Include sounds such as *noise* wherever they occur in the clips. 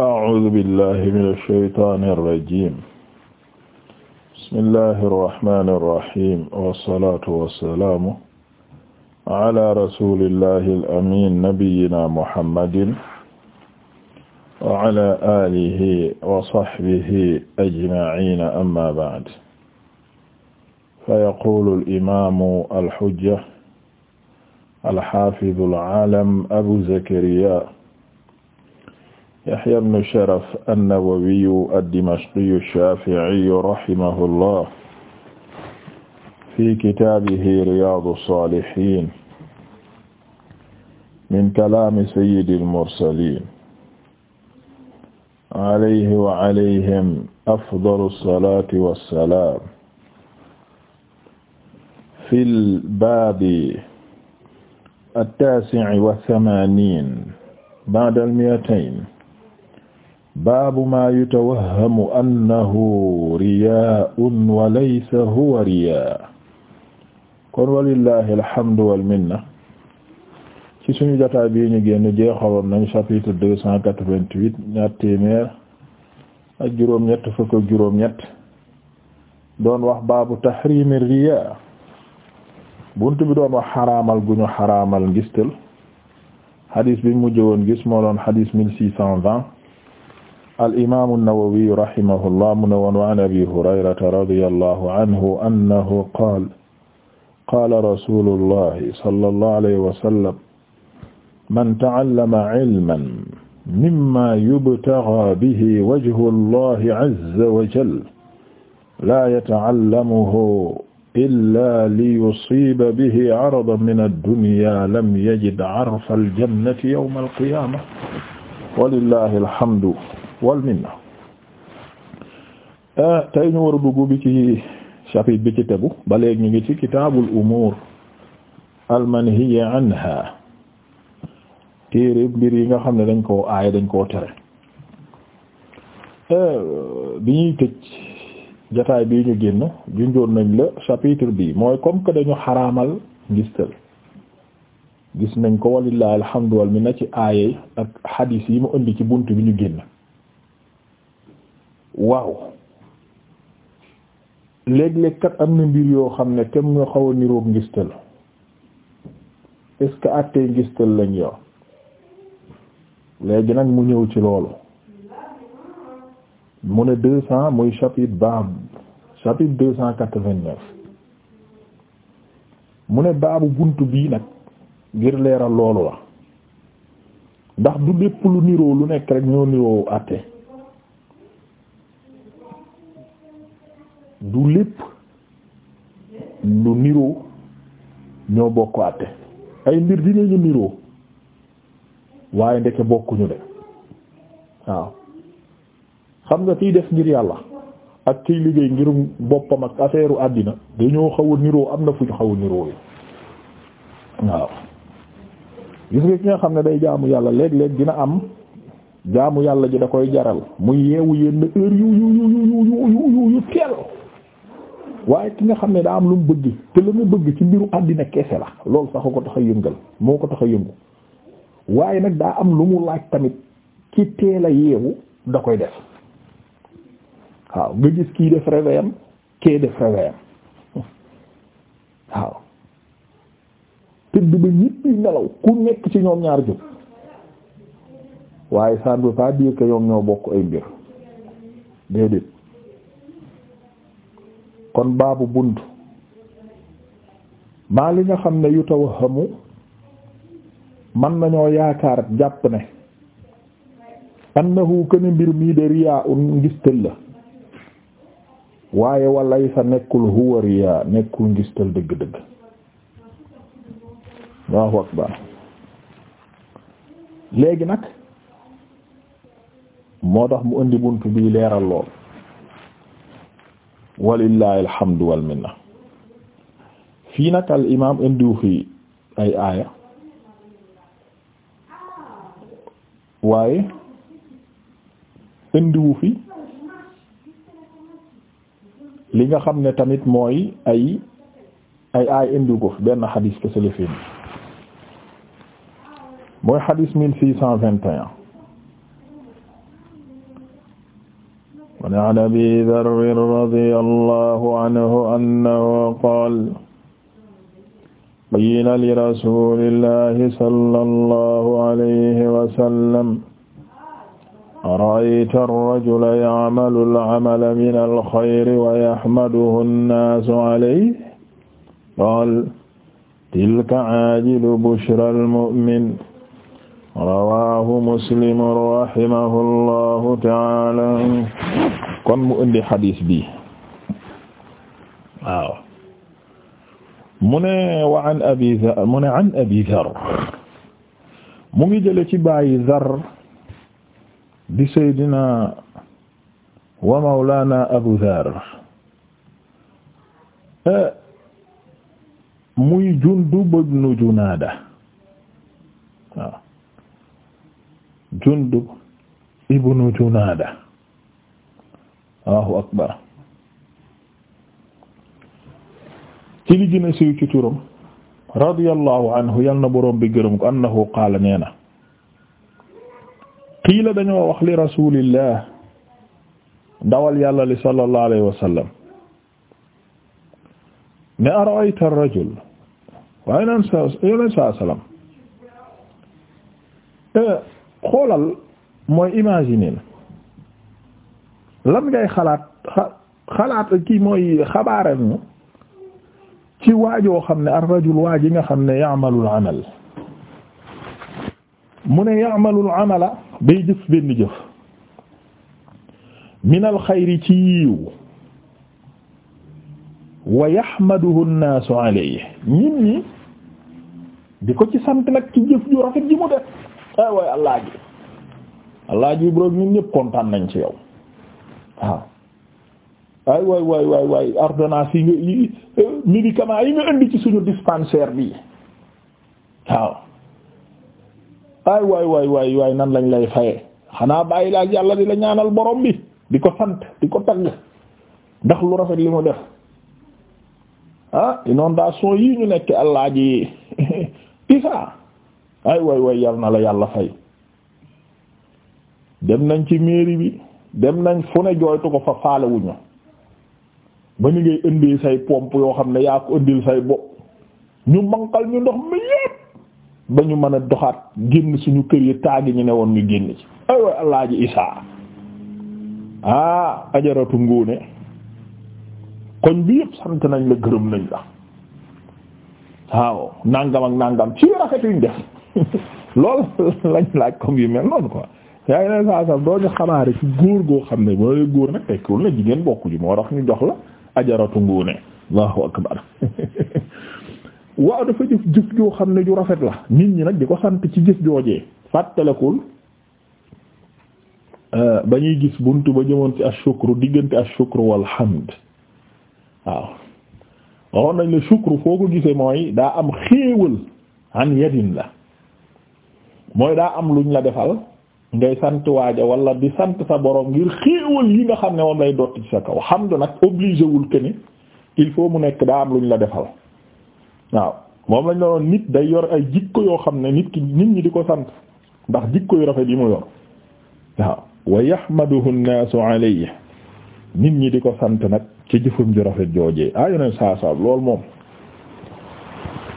أعوذ بالله من الشيطان الرجيم بسم الله الرحمن الرحيم والصلاة والسلام على رسول الله الأمين نبينا محمد وعلى آله وصحبه أجمعين أما بعد فيقول الإمام الحجة الحافظ العالم أبو زكريا Yahya ibn Sharaf an-Nawawi ad-Dimashqi ash-Shafi'i rahimahullah fi kitaabihi Riyaadu as-Saalihiin min kalaami sayyidil mursaliin alayhi wa alayhim afdalu as-salaati was-salaam fil baabi at-taasi'i wa thamaaniin ba'da al-mi'atayn baabu maa yutawahhamu annahu riyaa'un wa laysa huwa riyaa' kon walillahi alhamdu wal ci suñu jotaay bi ñu génn jeexaloon nañ chapitre deux cent quatre-vingt-huit ak juróom-ñett fukk ak juróom-ñett doon wax baabu tahriimi riyaa' bunt bi doon wax xaraamal gu ñu xaraamal ngistal xadis bi mujj woon gis moo doon xadis al-imaamu an-Nawawi rahimahullah mu ne woon wa an Abi Hurayrata radiyallahu anhu annahu qaala qaala rasuulullahi sallallahu alayhi wa sallam man ta'allama ilman mimmaa yubtaghaa bihi wajhu Allahi azza wa jalla laa yata'allamuhu illaa liyusiiba bihi 'aradan mina ad-dunyaa lam yajid 'arfa al-jannati yawma al-qiyaamah wa lillaahil hamdu wal minna ah, tey ñu war dugg bi ci chapitre bi ci tegu ba ñu ngi ci kitaabul umuur al manhiya anha téere mbir yi nga xam ne dañ koo aaye dañ koo tere ah, bi ñuy tëj jataay bii ñu génn junjoon nañ la chapitre bi mooy comme que xaramal xaraamal ngistal gis nañ ko walillahi alhamdu wal ci aaye ak xadiis yi mu indi ci bunt bi ñu génn waaw léeg-léeg am na mbir yoo xam ne tem nga xaw a niroog ngistal est-ce que àttee ngistal lañ yor léegi nag mu ñëw ci loolu mu ne deux cent muy chapitre baab chapitre deux cent quatre-vingt-neuf mu ne baabu buntu bii nag ngir leeral loolu la ndax du lépp lu niroo lu nekk rek ñoo niroo àtte du lépp lu niroo ñoo bokk àtte ay mbir dinañu niroo waaye ndeke bokkuñu de waaw xam nga kiy def ngir yàlla ak kiy liggéey ngir boppam ak affaire àddina dañoo xaw a niroo am na fu ñu xaw niroo yi waaw gis nga ki nga xam ne day jaamu yàlla léeg-léeg dina am jaamu yàlla ji da koy jaral muy yeewu yenn heure yu yu yu yu yu yu yu teel waaye ki nga xam ne daa am lu mu bëgg te la mu bëgg ci mbiru àddina kese la loolu sax ko tax a yëngal moo ko tax a yëngu waaye nag daa am lu mu laaj tamit ci teel yeewu da koy def waaw nga gis kii def réveil am kee def réveil am *laughs* waaw tëdd ba ñëpp nelaw ku nekk ci ñoom ñaar jóg waaye ça ne veut pas dire que ñoo bokk ay mbir déedéet kon baabu bunt maa li nga xam ne yu taw tawahamu man nañoo yaakaar jàpp ne annahu këni mbir mii de riyaa un ngistal la waaye walay sa nekkul huwa riyaa nekkul ngistal dëgg-dëgg léegi nag moo tax mu indi bunt bi leeral lool walillahi alhamdu wal minna fii nag al imaam indiwu fi ay aaya waaye indiwu fi li nga xam ne tamit mooy ay ay aay indiwu ko fi benn xadiis kese la mooy xadiis mille six cent vingt et wan an abi darrin radiya allahu anhu annahu qaala qiila li rasuulillahi sallallahu alayhi wa sallam ara'ayta ar-rajula ya'malu al-'amala mina al-khayri wa yahmaduhu an-naasu alayhi qaala tilka 'aajilu bushra al-mu'min rawahu muslim rahimahu llahu taala kon mu indi xadis bi waaw mu ne wa an abi dhar mu ne an abi dhar mu ngi jële ci bàyyi dhar di saydina wa mawlana abu dhar eh, muy jundub ibnu junaada Jundub ibnu Junaada Allahu akbar ci li gën a siiw ci turam radiyallahu anhu yal na boroom bi gërëm ko annahu qaala nee na qiila dañoo wax li rasulillah dawal yàlla li sallallahu alayhi wa sallam ne ara'ayta ar-rajul waaye naan sa yoneen saa salaam eh, xoolal mooy imaginer lan ngay xalaat xalaat kii mooy xabaaral ñu ci waajoo xam ne ar-rajul waa nga xam ne ya'malul amal mu ne ya'malul amala day jëf benn jëf minal xayri ci yiiw wa yaxmaduhu nnaasu alayhi ñit ñi di ko ci sant nag ci jëf ju rafet ji mu def ay eh, waay allah ji allah ji broog ñun ñëpp kontaan nañ ci yow waaw ah. ay waay waay waay waay ordonnance yi nga eh, médicament yi nga indi ci suñu dispensaire bi waaw ah. ay waay waay waay waay nan lañ lay faye xanaa bàyyi la ak yàlla di la ñaanal borom bi di ko sant di ko tagg ndax lu rafet li mu def ah inondation yii ñu nekk allah ji *laughs* isa ay way way yal na la yàlla fay dem nañ ci mairie bi dem nañ fu ne jooytu ko fa faalewuñu ba ñu ngay indil say pompe yoo xam ne yaa ko indil say bopp ñu manqal ñu ndox mi yépp ba ñu mën a doxaat génn suñu kër yi taagi ñu ne woon ñu génn ci ay way alaaji isaa ah ajaratu ngóone koñ bi yépp sant nañ la gërëm nañ la waaw nangam ak nangam ci rafet def lool lañ laaj comme yu mel noonu quoi yaa ngi leen saa saaf doo ñu xabaare ci góor goo xam ne boo góor nag tekkiwul na jigéen bokku ji moo tax ñu jox la ajaratu nguune Allahu akbar *laughs* waaw dafa jëf jëf xam ne ju rafet la nit ñi nag di ko sant ci jëf joojee fàttalekul euh, ba ñuy gis buntu ba jëmoon ci ashukru diggante ashukru wal hamd waaw waxoon nañ la shukru foo ko gisee mooy daa am xéewal an yadin la mooy daa am luñ la defal ngay sant waaja walla di sant sa boroom ngir xéewal yi nga xam ne moom lay dotti sa kaw xamdu nag obligé wul que ni il faut mu nekk daa am luñ la defal waaw moom lañ la doon nit day yor ay jikko yoo xam ne nit ki nit ñi di ko sant ndax jikko yu rafet yi mu yor waaw wa yahmaduhu an-naasu alayhi nit ñi di ko sant nag ci jëfum ju rafet joojee ah yeneen saa saa loolu moom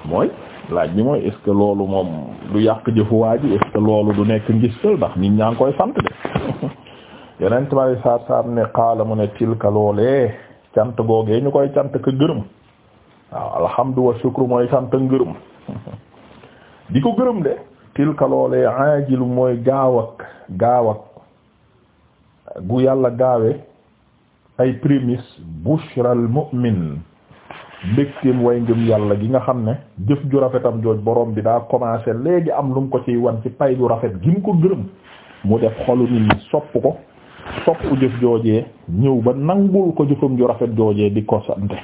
mooy laaj bi mooy est-ce que loolu moom du yàq jëfuwaa ji est-ce que loolu du nekk ngistal ndax nit ñaa koy sant de yeneen tamit saa saa ne xaala mu ne tilka loolee cant googee ñu koy cant ka gërëm waaw alhamdu shukru mooy sant ngërëm *laughs* di ko gërëm de tilka loolee aajilu mooy gaaw ak gu yàlla gaawe ay prémices bushral mu'min mbégteem way ngëm yàlla gi nga xam ne jëf ju rafetam jooj borom bi daa commencé léegi am lum ko ci wan ci pay gu rafet gi mu ko gërëm mu def xolu nit ñi sopp ko sopp jëf joojee ñëw ba nangu ko jëfam ju rafet joojee di ko sante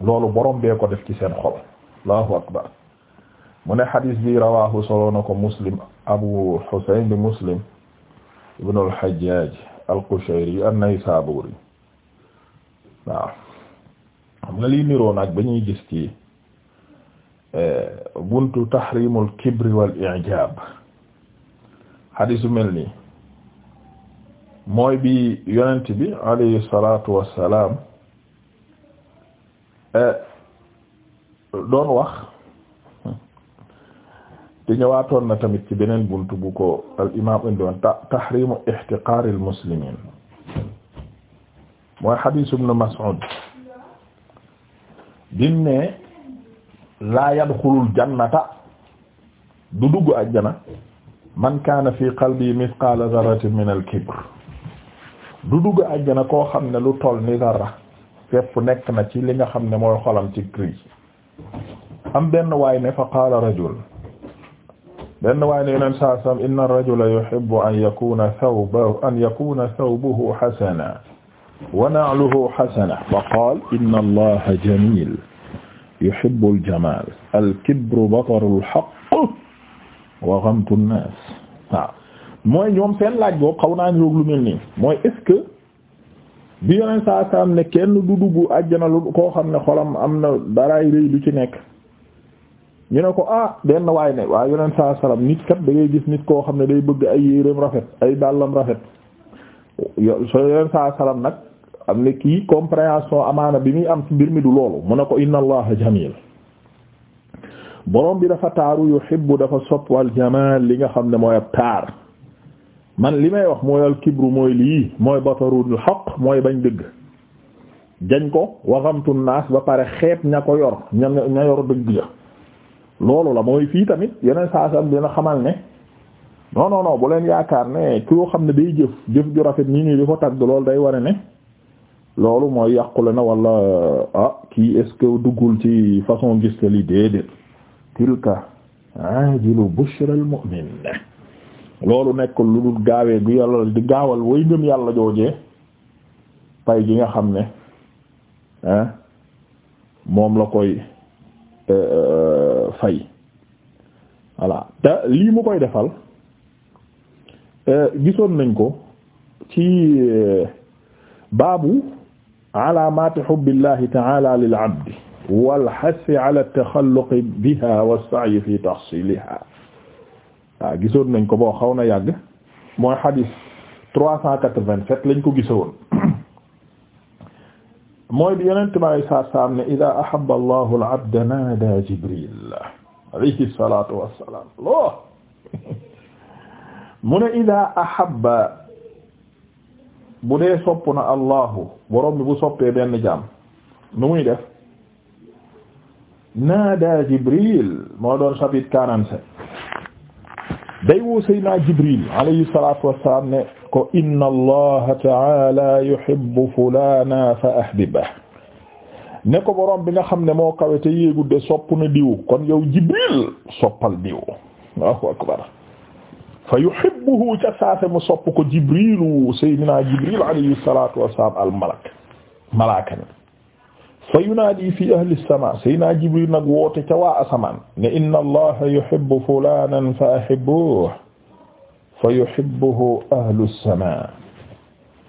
loolu borom bee ko def ci seen xol allahu akbar mu ne xadiis bi rawaahu solo na ko muslim abu xuseyn bi muslim ibnu alxajaaj alqushayri an-naysaburi waaw xam nga lii niroo nag ba ñuy gis ci eh, buntu tahrimul kibri wal i'jab xadiis mel nii mooy bi yonent bi alayhi salaatu wassalaam eh, doon wax te ñëwaatoon na tamit ci beneen buntu bu ko al imaam indiwoon tahrimu ihtiqaaril muslimiin mooy xadiis ibn Mas'ud bim ne laa yadxulul jannata du dugg àjjana man kaana fi qalbi mithqala dharratin min al kibr du dugg àjjana koo xam ne lu toll ni dara fépp nekk na ci li nga xam ne mooy xolam ci cri am benn waay ne fa qaala rajul benn waay ne yeneen saa sam inna ar-rajula yuhibbu an yakuna thawbuhu an yakuna thawbuhu wa na'luhu hasana fa qaala inna allaha jamil yuhibbu al-jamal al-kibru bataru al-haqq wa ghamtu an-nas mooy ñoom seen laaj boobu xaw naa ñu lu mel nii mooy est bi yoneen saa saam ne kenn du dugg àjjana lu koo xam ne xolam am na daraay rëy lu ci nekk ñu ne ko ah benn waay ne waaw yoneen saa salaam nit kat da gis nit koo xam ne day bëgg ay yéreem rafet ay dàllam rafet yo- yoneen saa salaam nag xam ne kii compréhension amaana bi muy am mbir mi du loolu mu ne ko inna allaha jamil borom bi dafa taaru yuhibbu dafa sopp wal jamal li nga xam ne mooy ab taar man li may wax mooy al kibru mooy lii mooy batarul xaq mooy bañ dëgg jañ ko waxamtu naas ba pare xeet ña ko yor ña ña yor dëgg ja loolu la mooy fii tamit yeneen saa sam dina xamal ne non bu leen yaakaar ne ki yoo xam ne day jëf jëf ju rafet nii nii di tagg loolu day wara ne loolu mooy yàqule na wala ah kii est-ce que duggul ci façon gis te li déedéet tilka ajilu bushra al mu'min loolu nekk lu dul gaawee gu yàlla di gaawal way ngëm yàlla joojee pay gi nga xam ne ah, moom la koy eh, eh, fay voilà te lii mu koy defal eh, gisoon nañ ko ci baabu alaamati hubbillahi ta'ala lil abdi wal hassi ala taxalluqi biha wa sa'yi fi tahsiliha waaw gisoon nañ ko boo xaw na yàgg mooy xadis trois cent quatre-vingt-sept lañ ko gisoon mooy bi yonent bi alayhi salaatu salaam ne idaa ahabba allahu al abda naadaa jibril alayhi salaatu wassalaam lo *laughs* mu ne idaa ahabba bu dee sopp na allahu borom bi bu soppee benn jaam nu muy def naada jibril moo doon chapitre quarante-sept day woo seydina jibril alayhi salatu wassalam ne ko inna allaha taala yuhibbu fulana fa ahbibah ne ko borom bi nga xam ne moo kawe te yéegudde sopp na kon yow jibril soppal diw allahu akbar fa yuhibbuhu ca saase mu sopp ko jibrilu sayyidina jibril alayhi salatu wassalam al malak malaaka ni fa yunaadi fi ahli sama sayyidina jibril nag woote ca waa asamaan ne inna allaha yuhibbu fulanan fa ahibbuhu fa yuhibbuhu ahlu sama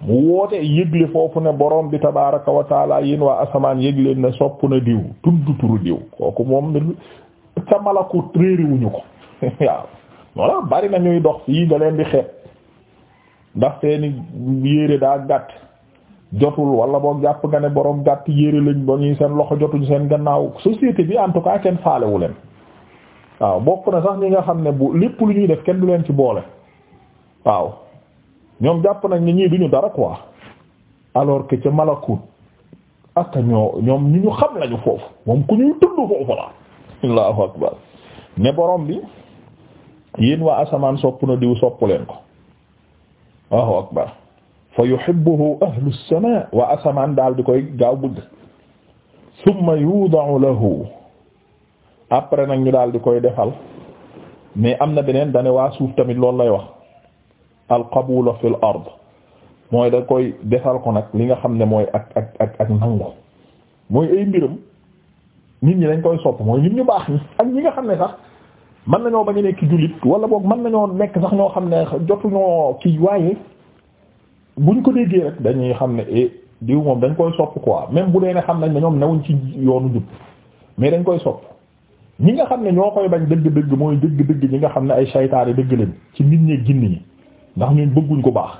mu woote yëgle foofu ne borom bi tabaraka wa taala yéen waa asamaan yëgleen ne sopp na diw tudd turu diw kooku moom ca malakut réeriwuñu ko *laughs* waaw voilà bari na ñuy dox fii nga leen di xeeb ndax seeni yére daa gàtt jotul wala boo jàpp nga ne borom gàtt yére lañ ba ñuy seen loxo jotuñu seen gannaaw société bi en tout cas faalewu leen waaw bokk na sax ñi nga xam ne bu lépp lu ñuy def kenn du leen ci boole waaw ñoom jàpp nañ ne ñii duñu dara quoi alors que ca malakut ak ñoo ñoom ñu ñu xam lañu foofu moom ku ñuy tudd foofu la allahu akbar ne borom bi yéen waa asamaan sopp na diw sopp leen ko waaw akbar fa yuhibbuhu ahlu samaa waa asamaan daal di koy gaaw bëgg summa yuda'u lahu après nag ñu daal di koy defal mais am na beneen dane waa suuf tamit loolu lay wax al qabula fil ard mooy da koy defal ko nag li nga xam ne mooy ak ak ak nangu mooy ay mbiram nit ñi dañ koy sopp mooy nit ñu baax ñi ak ñi nga xam ne sax mën nañoo bañ nekk jullit wala boog mën nañoo nekk sax ñoo xam ne jotuñoo kii waaye buñ ko déggee rek dañuy xam ne eh diw moom dañ koy sopp quoi même bu dee ne xam nañ ne ñoom newuñ ci yoonu jub mais dañ koy sopp ñi nga xam ne ñoo koy bañ dëgg-dëgg mooy dëgg-dëgg ñi nga xam ne ay saytaar yi dëgg leen ci nit ñi ginn ñi ndax ñu bëgguñ ko baax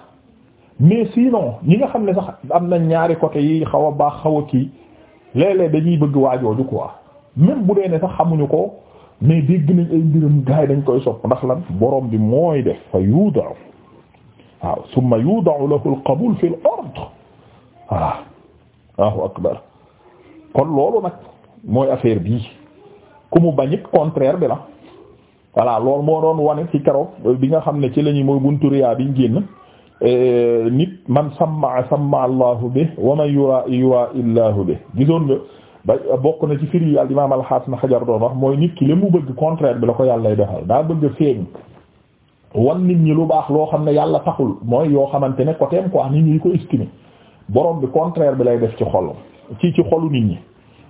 mais sinon ñi nga xam ne sax am na ñaari côté yi xaw a baax xaw a kii léeg-léeg dañuy bëgg waajooju quoi même bu dee ne sax xamuñu ko mais dégg nañ ay mbiram gars yi dañ koy sopp ndax lan borom bi mooy def fa yuuda'u waaw summa yuuda'u lahu al Allahu akbar kon loolu nag mooy affaire bii ku mu bañit contraire bi la voilà lool moo doon wane ci keroog bi nga xam ne ci lañuy mooy buntu riyaa biñ génn eh, nit man sammaa sammaa Allahu bi wa man yuraa yuraa Allahu bi gisoon nga ba bokk na ci firi al imaam alxaas na xajar doon wax mooy nit ki li mu bëgg contraire bi la ko yàlla lay daa bëgg feeñ wan nit ñi lu baax loo xam ne yàlla taxul mooy yoo xamante ne côtéem quoi nit ñi ko estimer borom bi contraire bi lay def ci xol ci ci xolu nit ñi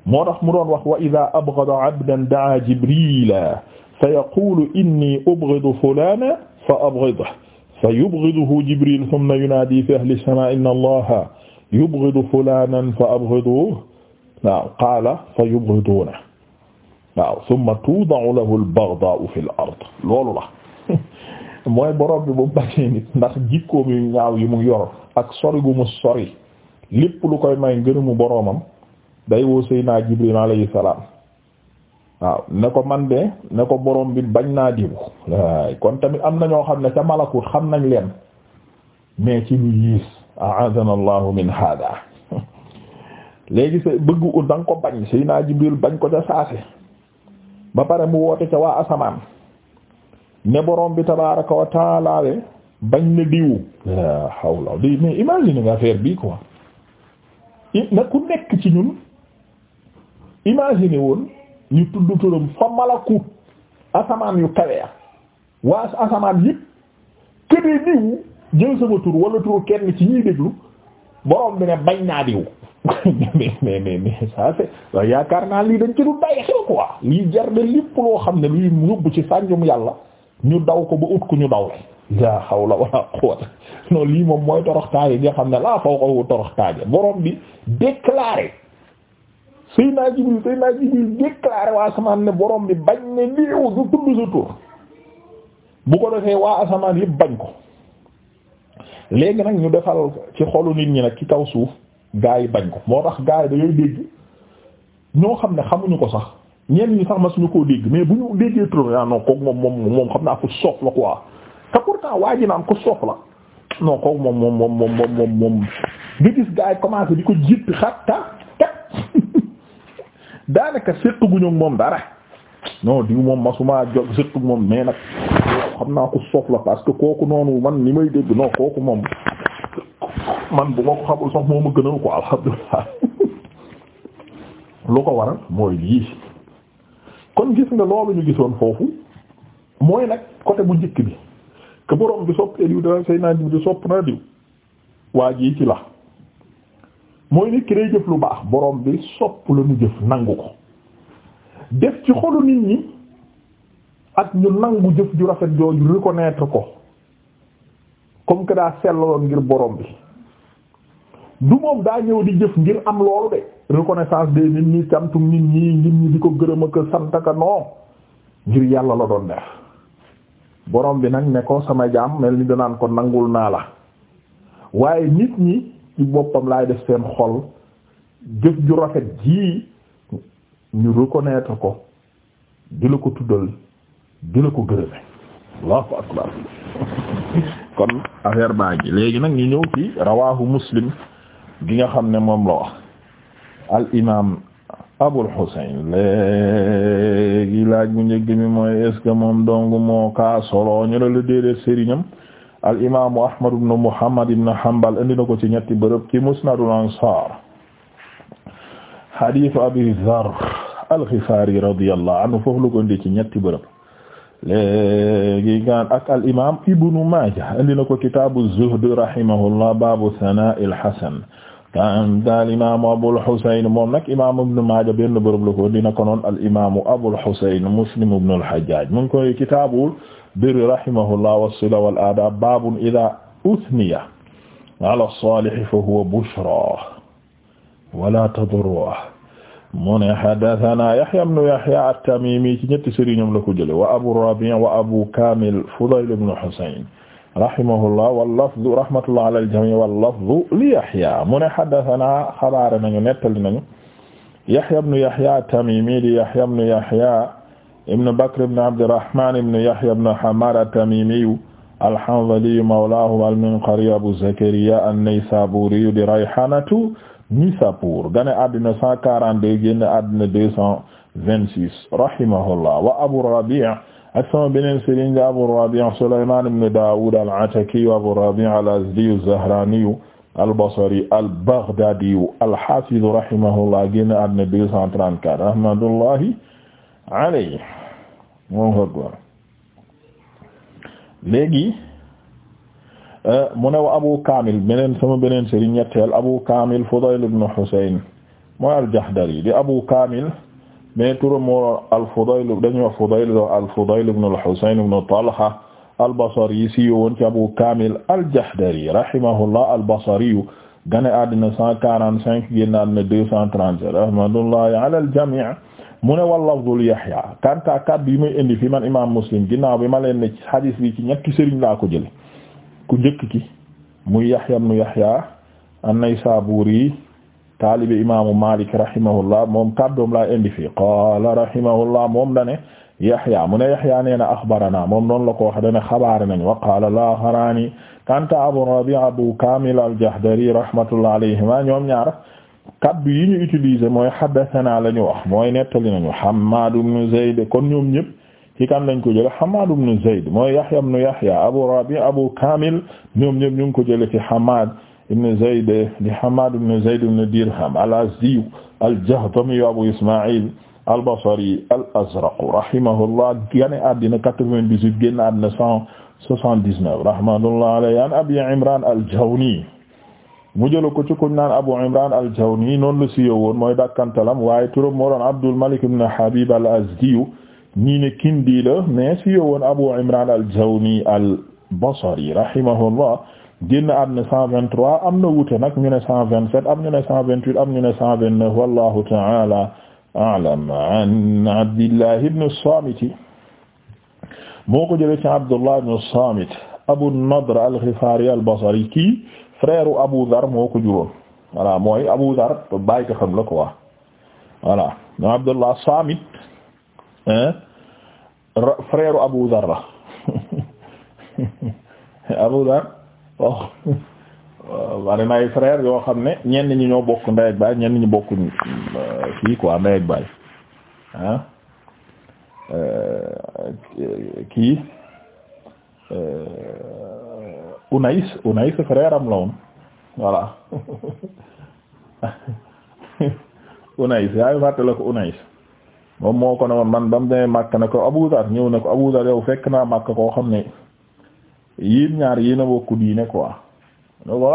moo tax mu doon wax wa ida abghada abdan daa jibrila fa yaqulu inni ubghidu fulana fa abghidah fa yubghiduhu jibril thumma yunadi fi ahli as-samaa inna allaha yubghidu fulanan fa abghiduhu waaw qaala fa yubghiduuna waaw thumma tuuda'u lahu al-baghdaa'u fil loolu la *laughs* mooy borom bi bu bañee nit ndax jikkoom yu ñaaw yi mu yor ak sori gu mu sori lépp lu koy may ngërëmu boroomam day woo Seydina Jibril alayhi salaam waaw ne ko man de ne ko borom bi bañ naa diw waay kon tamit am na ñoo xam ne ca malakut xam nañ leen mais ci lu yiis a'aadana Allahu min hada léegi sa bëgg ut da ko bañ Seydina Jibril bañ ko ca saase ba pare mu woote ca waa asamaan ne borom bi tabaaraka wa taalaawe bañ ne diw la hawla di mais ci ñun imagine woon ñu tudd turam fa asamaan yu kawe waa asamaan yëpp kënee diw jël sama tur wala turu kenn ci ñuy déglu borom bi ne bañ naa diw *laughs* yaakaar naa lii dañ ci du bàyyi xel quoi lii jar na lépp loo xam ne luy yóbbu ci sànjum yàlla ñu daw ko ba ut ku ñu daw la yaa hawla wala quwwata non lii moom mooy toroxtaage nga xam ne laa faw ko toroxtaage borom bi déclaré Seydina Jibril Seydina Jibril déclaré waa asamaan ne borom bi bañ ne liiw du tudd sa tur bu ko defee waa asamaan yëpp bañ ko léegi nag ñu defal ci xolu nit ñi nag ci kaw suuf gaa yi bañ ko moo tax gaa yi dañuy dégg ñoo xam ne xamuñu ko sax ñeen ñi sax ma suñu koo dégg mais bu ñu déggee trop ah non kooku moom moom moom xam naa ko soof la quoi te pourtant waa ji naan ko soof la non kooku moom moom moom moom moom moom moom gis gaa yi commencé di ko jiit xatta kat daanaka seetlu gu ñu moom dara non diw moom masumaa jóg seetlu moom mais nag. xam naa ko sof la parce que kooku noonu man ni may dégg non kooku moom man bu ma ko xamul sax moo ma gënal ko alhamdulilah lu ko waral mooy lii kon gis nga loolu ñu gisoon foofu mooy nag côté bu njëkk bi que borom bi sopp diw naa diw di sopp waa jii ci la mooy nit ki lu baax borom bi sopp la jëf nangu ko def ci xolu nit ñi ak ñu nangu jëf ju rafet jooju reconnaître ko comme que daa sellaloon ngir borom bi du moom daa ñëw di jëf ngir am loolu de reconnaissance des nit ñi santu nit ñi nit ñi di ko gërëm ak sant ak non ngir yàlla la doon def borom bi nag ne ko sama jaam mel ni danaan ko nangul naa la waaye nit ñi ci boppam laay def seen xol jëf ju rafet jii ñu reconnaître ko di la ko tuddal du la ko gërëme allahu akbar kon affaire baa ngi léegi nag ñu ñëw ci rawahu muslim gi nga xam ne moom la wax al imam abul husayn léegi laaj bu njëkk mi mooy est moom dong moo kaa ñu la la déedéet sëriñam al imaamu ahmad ibn muhammad ibn hanbal indi na ko ci ñetti bërëb ci musnadul ansar hadith abi dharr al ghifari radiyallahu anhu foofu la ko indi ci ñetti bërëb léegi gaan ak al imaam Ibnu Maaja indi na ko kitaabu zuhd rahimahullah baabu sanaa'il hasan kan daal imaamu Abul Husayn moom nag imaamu Ibnu Maaja benn bërëb la ko dina ko noon al imaamu Abul Husayn Muslim ibnu al-Hajjaaj mu ngi koy kitaabul birri rahimahullah was-sila wal aadaab baabun izaa uthniya ala as-saalihi fa huwa bushraa wa laa tadurruhu mu ne haddathana Yahya ibn Yahya at-Tamimi ci ñetti sëriñam la ko jëlee wa Abu Rabi' wa Abu Kamil Fudayl ibn Husayn rahimahullah wallafdu rahmatullah ala al-jami' wallafdu li Yahya mu ne haddathana xabaare nañu nettali nañu Yahya ibn Yahya at-Tamimi di Yahya ibn Yahya ibn Bakr ibn Abdirrahman ibn Yahya ibn Hammar at-Tamimi al-Hanzali mawlahum al-Minqari Abu Zakariya an-Naysaburi di Rayhanatu Nisapur gane addina cent quarante-deux génn addina wa Abu Rabi' Abu Rabi' Sulaymaan ibn Daawuud al-Ataki al-Azdi al-Basri al-Baghdaadi al-Haafiz rahimahullah génn addina deux cent trente-quatre rahmatullahi Eh, mu ne wa Abu Kamil beneen sama beneen sëriñ ñetteel Abu Kamil Fudayl ibn Husayn mooy al-Jahdari di Abu Kamil mais turam moo al-Fudayl dañuy wax Fudayl al-Fudayl ibn al-Husayn ibn Talha al-Basri si woon ci Abu Kamil al-Jahdari rahimahullah al-Basri gane àddina cent quarante cinq génn àddina deux cent trente rahmatullahi ala al-jami' mu ne wal lafdul Yahya kanta kaddu yi indi fi man imam Muslim ginnaaw bi ma leen ne ci hadis bi ñetti sëriñ laa ko jëlee ku njëkk ki muy Yahya ibn Yahya an-Naysaburi taalibi imaamu Malik rahimahullah moom kàddoom laa indi fii qaala rahimahullah moom la Yahya mu Yahya nee na axbarana moom noonu la ko waxee dana nañu wa qaala al-Laxaraani kanta Abu Rabi' Abu Kaamil al-Jahdari rahmatullah alayhima ñoom ñaar kaddu yi ñu utiliser mooy haddathana la wax mooy nettali nañu Hammaad ibn Zayd kon ñoom ñëpp ci kan lañ ko jële Hamad ibn Zayd mooy Yahya ibn Yahya Abu Rabi' Abu Kamil ñoom ñoom ñu ngi ko jële ci Hamad ibn Zayd di Hamad ibn Zayd ibn Dirham al-Azdi al-Jahdami Abu Isma'il al-Basri al-Azraq rahimahullah gane àddina 98 génn àddina 179 rahmatullahi alayhi an Abi Imran al-Jawni mu jël ko ci kuñ naan Abu Imran al-Jawni noonu la siiwoon mooy dakkantalam waaye turam moo doon Abdul Malik ibn Habib al-Azdi ñii ne Kindi la mais si yowoon Abu Imran al-Jawni al-Basri rahimahullah génn àdduna 123 am na wuute nag ñu ne 127 am ñu ne 128 am ñu ne 129 wallahu ta'ala a'lam an Abdillah ibn as-Samit moo ko jëlee ci Abdullah ibn as-Samit Abu an-Nadr al-Ghifari al-Basri kii frère Abu Dharr moo ko juróon voilà mooy Abu Dharr bàyyi ko xam la quoi voilà Abdullah as-Samit frère Abu Dhar la *laughs* Abu Dhar oh. wax bari na yoo xam ne ñenn ñi ñoo bokk ndey ak baay ñenn ñi bokk euh, kii quoi ndey ak baay euh, kii euh, Unais Unais frère am la woon voilà *laughs* Unais yaa ngi fàttaliku Unais moom moo ko man ba mu demee Makka ne ko Abu Dhar ñëw ne ko Abu Dhar fekk naa Makka koo xam ne yéen ñaar yéen a bokk diine quoi ne ko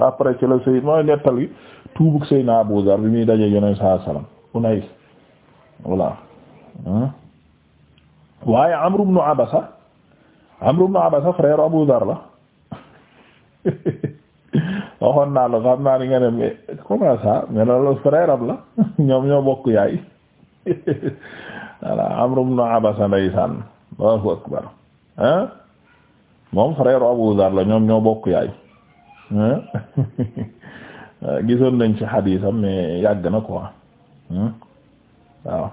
après ci la sëy mooy nettal gi tuubug sëy na Abu bi muy dajee yoneen saa salaam Unays voilà waaye Amr ibn Abasa Amr ibn Abasa frère Abu la *laughs* waxoon naa la xam naa ni nga ne mais comment la *laughs* ñoom ñoo bokk yaay *laughs* voilà Amr ibn Abasa ndeysaan Allahu akbar hein moom frère Abu ñoom ñoo bokk yaay *laughs* euh, gisoon nañ ci xadiisam mais yàgg na quoi waaw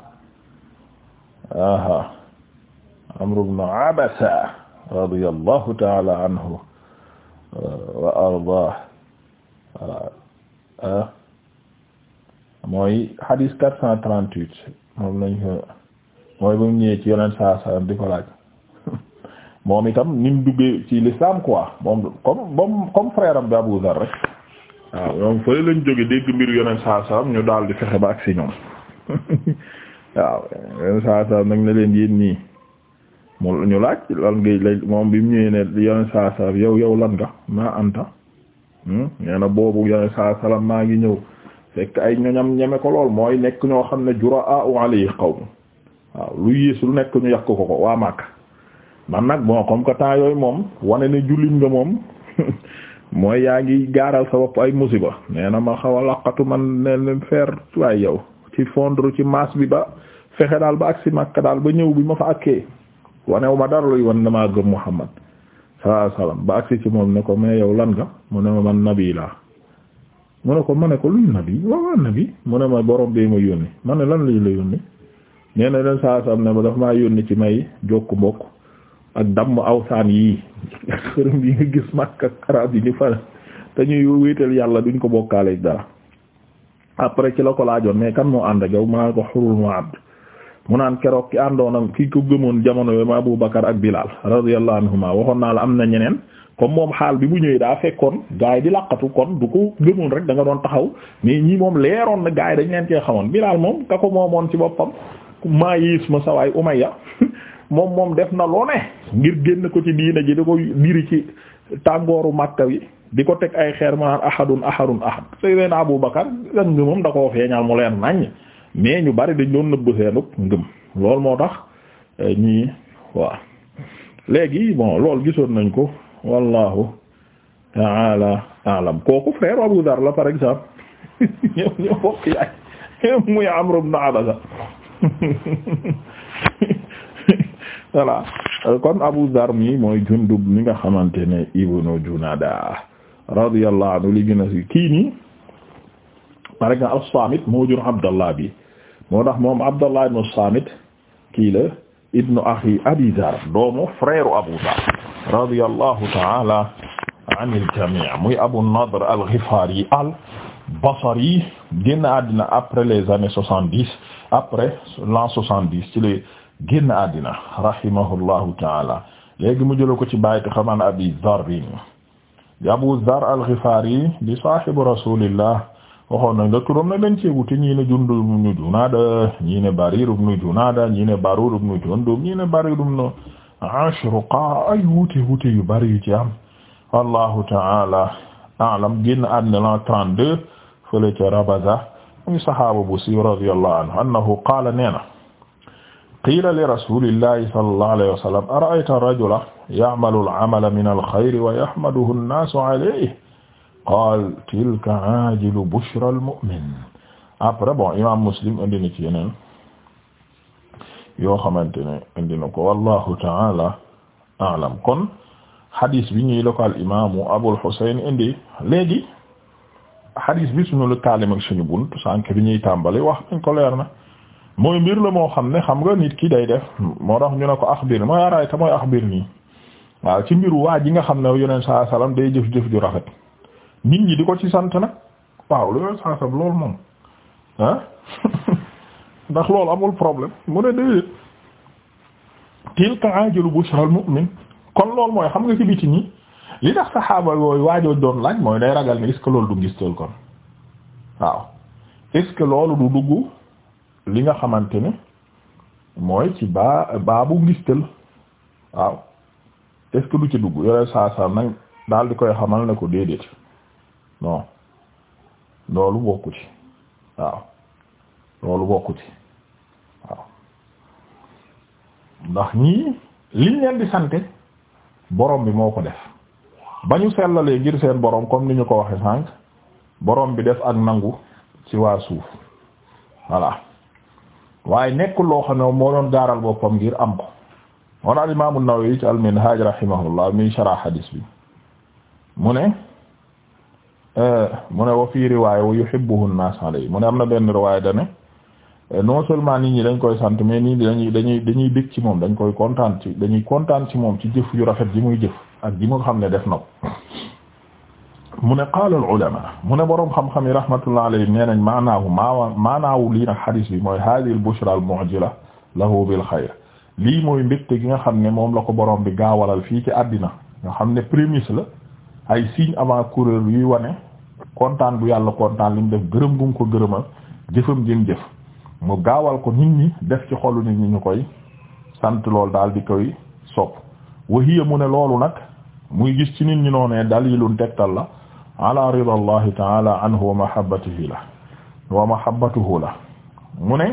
aha Amr Abasa radiyallahu ta'ala anhu euh, wa ardaah voilà mooy xadiis quatre cent trente-huit moom lañ ko mooy ba mu ñëwee ci yonent saa saa di ko laaj *laughs* moom itam ni mu duggee ci l'islam quoi moom comme comme comme frère am bi Abu rek waaw ñoom fële lañ jóge dégg mbir yonent saa saa ñu daal di fexe ba ak si ñoom *laughs* waaw yonent saa saa nag ne leen yéen ñii ñu laaj lan ngay moom bi mu ñëwee ne yonent saa saa yow yow lan nga maa anta hmm? nee na boobu yonent saa salaam maa ngi ñëw. fekk ay ñoñam ñeme ko lool mooy nekk ñoo xam ne juraa u alayhi qawm waaw lu yées lu nekk ñu yàq ko ko waa Makka man nag bon comme que temps yooyu moom wane ne jullit nga moom *laughs* mooy yaa ngi gaaral sa bopp ay musiba nee na ma xaw a laqatu man ne faire waaye yow ci fondre ci masse bi ba fexe daal ba agsi màkk daal ba ñëw bi ma fa akkee wanew ma dara luy wan damaa gëm Muhammad sallallahu alayhi wasallam ba agsi ci moom ne ko mais yow lan nga mu ne ma man nabi laa mu ne ko ma ne ko luy nabi waaw nabi mu ne ma boroom bee ma yónni ma ne lan lañu la yónni nee na leen saa ma ne ma dafa maa yónni ci may jokk mbokk ak damm awsaan yii xërëm *laughs* yi nga gis Makka yi ñu fa te ñuy wéetal yàlla duñ ko bokkaaleeg dara après ci la ko laajoon mais kan moo ànd ak mu naan ko xurul wa abd mu naan keroog ki àndoon ak ki ko gëmoon jamono yooyu ma Abu Bakar ak Bilal radiyallahu anhuma waxoon naa la am na ñeneen comme moom xaal bi mu ñëwee daa fekkoon gars yi di laqatu kon du ko gëmoon rek da nga doon taxaw mais ñii moom leeroon na gars yi dañ leen cee xamoon Bilaal moom ka ko moomoon ci boppam maa yiis ma sa waay Umayya *laughs* moom moom def na loo ne ngir génn ko ci diina ji di ko diri ci tàngooru Makka wi di ko teg ay xeer mu naan ahadun ahadun ahad Seydina Abu Bakar ak ngëmam da koo feeñal mu leen naññ mais ñu bari dañ doon nëbb seenug ngëm loolu moo tax eh, ñii waaw léegi bon loolu gisoon nañ ko wallahu taala alam kooku frère Abu Dar la par exemple ñoom ñoo bokk yaay muy Amr ibn Abasa *laughs* voilà kon Abu Dar mi mooy Jundub mi nga xamante ne ibnu Junada radiyallahu anhu li gën a si kii par exemple as-Samit moo jur Abdallah bi moo tax moom Abdallah ibnu as-Samit ibnu akhi Abi Dar doomu frère Abu Dar radiyallahu ta'ala anil jami' muy Abu Nadr al-Ghifari al-Basri génn àddina après les années soixante-dix après l'an soixante-dix ci les génn àddina rahimahullahu ta'ala léegi mu jël ko ci bàyyi xaman Abi Dharr Abu Dharr al-Ghifari di saahibu rasulillah waxoon nañ la turam na dañ cee wute ñii ne Jundub ibn Junaada ñii ne Bariir ibn Junaada ñii ne Baruur ibn Jundub ñii ne Bariir ashru qa ay wuute wuute yu bari yu ci am wallahu taala a'lam génn àddina la 32 fële ca Rabaza muy saxaaba bu siiw radiyallahu anhu annahu qaala nee na qiila li rasulillahi sallallahu alayhi wa sallam ara'ayta rajula ya'malu al-amala min al-khayri wa yahmaduhu an-naasu alayhi qaala tilka aajilu bushra al-mu'min après bon imam Muslim indi na ci yeneen yoo xamante ne indi na ko wallahu taala aalam kon hadis bi ñuy la ko al imaamu Abul Husayn indi léegi hadis bi suñu la taalim ak suñu bunt sànq bi ñuy tàmbali wax nañ ko leer na mooy mbir la moo xam ne xam nga nit ki day def moo tax ñu ne ko axbir mooy araay te mooy nii waaw ci mbiru waa ji nga xam ne yoneen saa salaam day jëf-jëf ju rafet nit ñi di ko ci sant nag waaw lu yoneen saa salaam moom ah *laughs* ndax loolu amul problème mu ne déedéet tilka ajalu bushral mu'min kon loolu mooy xam nga ci biti nii li tax saxaaba yooyu waajoo doon laaj mooy day ragal ni est-ce que loolu du ngistal kon waaw est loolu du dugg li nga xamante ni mooy ci baa baabu ngistal waaw est du ci dugg yore saa saa nag daal di koy xamal ne ko déedéet non loolu bokku ci waaw loolu bokku ci waaw ndax ñii liñ leen di sante borom bi moo ko def ba ñu sellalee ngir seen borom comme li ñu ko waxe sànq boroom bi def ak nangu ci waa suuf voilà waaye nekkul loo xam ne moo doon gaaral boppam ngir am ko moo daal imaamu Nawawi ci al-Minhaj rahimahullah mi sharh hadis bi mu ne euh, mu ne wa fii riwaaya wa yuhibbuhu an-nas alayhi mu ne am na benn riwaaya da non seulement nit ñi dañ koy sant mais nit ñi dañuy dañuy dañuy bég ci moom dañ koy kontaan ci dañuy kontaan ci moom ci jëf yu rafet ji muy jëf ak ji mu xam ne def na ko mu ne qaala al ulama mu ne boroom xam-xam yi rahmatullah alayhi nee nañ maanaahu maawa maanaawu lii nag xadis bi mooy hadihi al bushra al mu'jila lahu bil xayr lii mooy mbégte gi nga xam ne moom la ko boroom bi gaawalal fii ci àddina nga xam ne prémisse la ay signe avant coureur yuy wane kontaan bu yàlla kontaan li mu def gërëm gum ko gërëmal jëfam jëm jëf mu gaawal ko nit ñi def ci xolu nit ñi ñu koy sant lool daal di koy sopp wahiya mu ne loolu nag muy gis ci nit ñi noo ne dalilun tegtal la ala rida allahi taala anhu wa mahabbatihi la wa mahabbatuhu la mu ne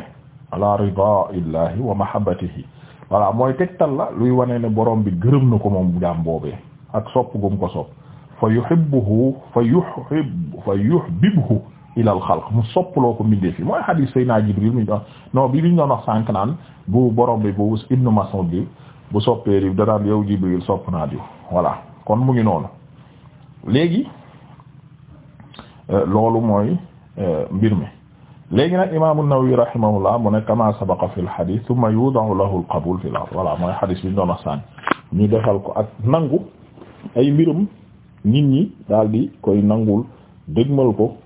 ala rida illahi wa mahabbatihi voilà mooy tegtal la luy wane ne borom bi gërëm na ko moom jaam boobee ak sopp gum ko sopp fa yuhibbuhu fa yuhib fa yuhibbuhu ilal xalq mu soppaloo ko mbindee fi mooy hadis sayna Jibril mi doon bi ñu doon wax sànq naan bu borom bi bu Ibnu Mas'ud bi bu soppee diw danaan yow Jibril sopp naa diw voilà kon mu ngi noonu léegi euh, loolu mooy euh, mbir mi léegi nag imaamu Nawawi rahimahullah mu ne kama sabaqa fi lhadith thumma yudahu lahu alqabul fi lard voilà mooy hadis bi ñu doon wax sànq ñu defal ko ak nangu ay mbirum nit ñi daal di koy nangul dégmal ko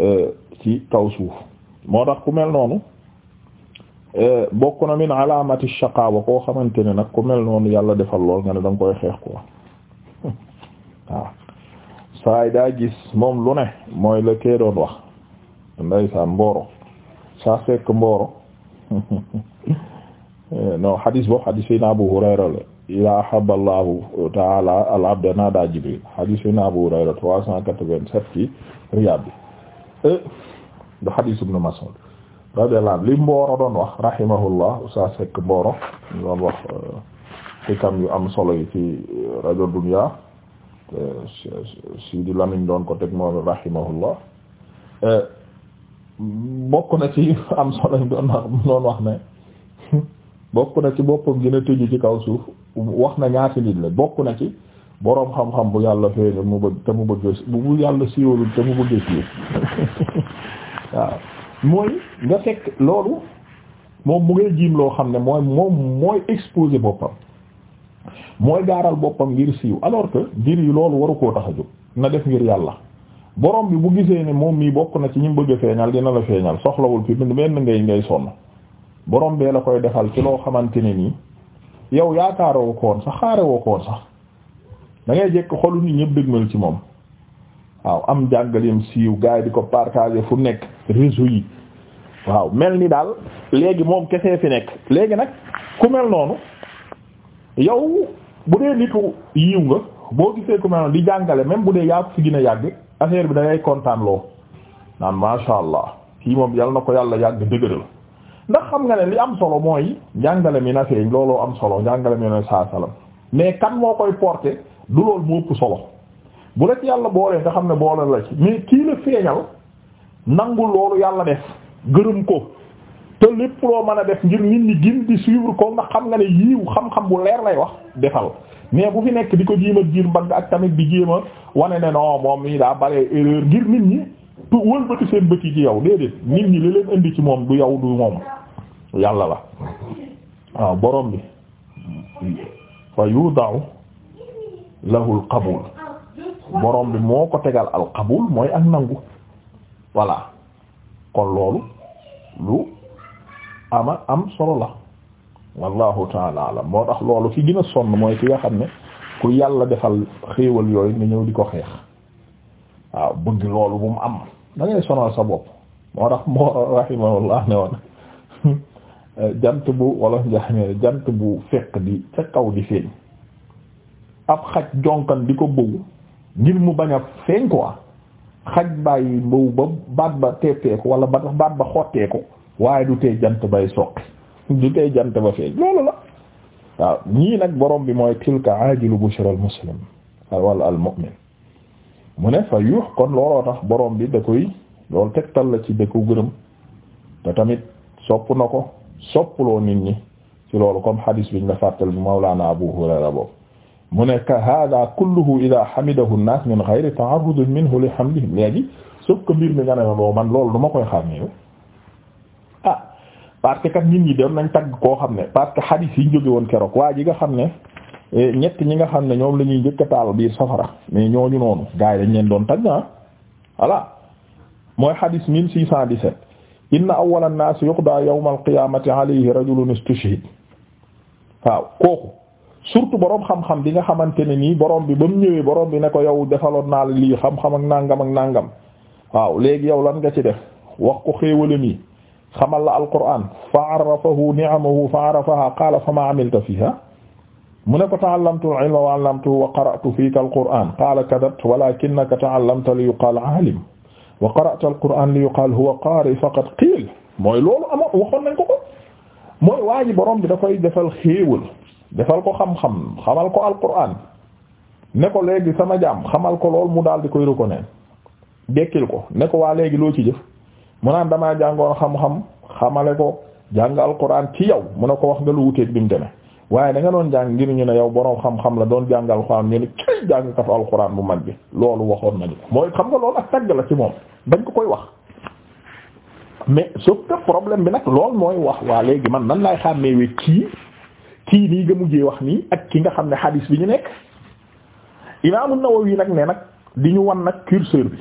Euh, ci kaw suuf moo tax ku mel noonu euh, bokk na min alaamati shaqaawa koo xamante ne nag ku mel noonu yàlla defal lool nga ne da nga koy xeex quoi *laughs* waaw saay daa gis moom lu ne mooy la kee doon wax ndeysaan mbooro saa fekk mbooro *laughs* non xadis boobu xadis yi na Abu Hurayra la ila ahabba Allahu ta'ala al-abda naadaa Jibril xadis yi na Abu Hurayra trois cent quatre-vingt-sept ci Riyad Euh, du hadith ibn Mas'ud radiyallahu li Mboro doon wax rahimahullah sa sekk Mboro doon wax euh, xikam yu am solo yi fi euh, rajo Dunya Sidi Lamine doon ko teg moom rahimahullah bokk na ci *laughs* am solo yi doon wax doon wax ne *laughs* bokk na ci boppam gi a tëju ci kaw suuf wax na ñaati nit la bokk na ci. boroom xam-xam bu yàlla feeñal mu bëgg te mu bëgg bu mu bëgg siiw *laughs* waaw mooy nga fekk loolu moom mu ngay jiim loo xam ne mooy moom mooy exposer boppam mooy gaaral boppam ngir siiw alors que mbir yi loolu waru koo tax a jóg na def ngir yàlla borom bi bu gisee ne moom mii bokk na ci ñi bëgg a feeñal dina la feeñal soxlawul fi benn ngay ngay sonn boroom bee la koy defal ci loo xamante ne nii yow yaakaaroo ko sax xaarewoo ko woon sax. dangay ngay jekk xolu nit ñëpp dëgmal ci moom waaw am jàngaleem siiw gars yi di ko partager fu nekk réseau yi waaw mel ni daal léegi moom kese fi nekk léegi nag ku mel noonu yow bu dee nitu yiw nga boo gisee ku mel noonu di jàngale même bu dee yaa ko fi gin a yàgg affaire bi da ngay kontaan loo naan masha allah kii moom yal na ko yàlla yàgg dëgëral ndax xam nga ne li am solo mooy jàngale mi na feeñ looloo am solo njàngale mi na saa mais kan moo koy du loolu mu ëpp solo bu la ci yàlla boolee nga xam ne boole la ci mais kii la feeñal nangul loolu yàlla def gërëm ko te lépp loo mën a def ngir nit ñi gin di suivre ko ndax xam nga ne yiiw xam-xam bu leer lay wax defal mais bu fi nekk di ko jéem a jiir mbagg ak tamit bi jéem a wane ne non moom mii daa bare erreur ngir nit ñi tu wëlbati seen bët yi ci yow déedéet nit ñi li leen indi ci moom du yow du moom yàlla la waaw borom bi fa yu lahul qabul borom bi moo ko tegal al qabul mooy ak nangu voilà kon loolu lu ama am solo la wallahu taala alam moo tax loolu fi gën sonn mooy fi nga xam ne ku yàlla defal xéewal yooyu nga ñëw di ko xeex waaw bëgg loolu bu mu am da sonal sa bopp moo tax moo rahimahullah ne woon *laughs* jant bu wala njaxne jant bu fekk di ca kaw di feeñ ab xaj jonkan di ko bëgg ngir mu bañ a ko quoi xaj bàyyi mbow ba baat ba teppeeku wala ba baat ba xotteeku waaye du tee jant bay soq du tee jant ba feeñ loolu la waaw ñii nag borom bi mooy tilka ajilu bushra al muslim wala al mu ne fa yuux kon looloo tax borom bi da koy loolu tegtal la ci da ko gërëm te tamit sopp na ko soppuloo nit ñi ci loolu comme hadis biñ la fàttal bi mawlaana Abu Hurayra boobu mu nekk ka hada kulluhu ida hamidahu an-nas min ghayri ta'arrud minhu li hamdihim léegi sauf que mbir mi nga ne ma boo man loolu du ma koy xàmmee ah parce que kat nit ñi doon nañ tagg koo xam ne parce que hadith yi jóge woon keroog waa ji nga xam ne eh, ñett ñi nga xam ne ñoom la ñuy njëkk a taal biir safara mais ñooñu noonu gars yi dañ leen doon tagg ah voilà mooy hadith 1617 inna awwala an-nas yuqda yawma al-qiyamati alayhi rajulun istushhid waaw kooku surtout borom xam-xam bi nga xamante ne nii borom bi ba mu ñëwee borom bi ne ko yow defaloon naa la lii xam-xam ak nangam ak nangam waaw léegi yow lan nga ci def wax ko xéewalam yi xamal la alquran fa arrafahu ni'amahu fa arrafaha qaala fa ma amilta fiha mu ne ko ta'allamtu al-ilma wa 'allamtuhu wa qara'tu fika al-qur'an qaala kadhabta walakinnaka ta'allamta li yuqaal 'alim wa qara'ta al-qur'an li yuqaal huwa qaari faqad qiil mooy loolu ama waxoon nañ ko ko mooy waa ji borom bi da koy defal xéewal defal ko xam-xam xamal ko alquran ne ko léegi sama jaam xamal ko lool mu daal di koy reconnaître dekkil ko ne ko waa léegi loo ci jëf mu naan damaa jàngoon xam-xam xamale ko jàng alquran ci yow mu ne ko wax nga lu wuteeg bi mu demee waaye da nga doon jàng ngir ñu ne yow borom xam-xam la doon jàng alquran ñu ne kii jàng katu alquran bu mag bi loolu waxoon nañu mooy xam nga lool ak tagg la ci moom dañ ko koy wax. mais sauf que problème bi nag loolu mooy wax waa léegi man nan laay xàmmee kii. kii nii nga mujjee wax nii ak ki nga xam ne xadiis bi ñu nekk imaamu Nawawi nag ne nag di ñu wan nag curseur bi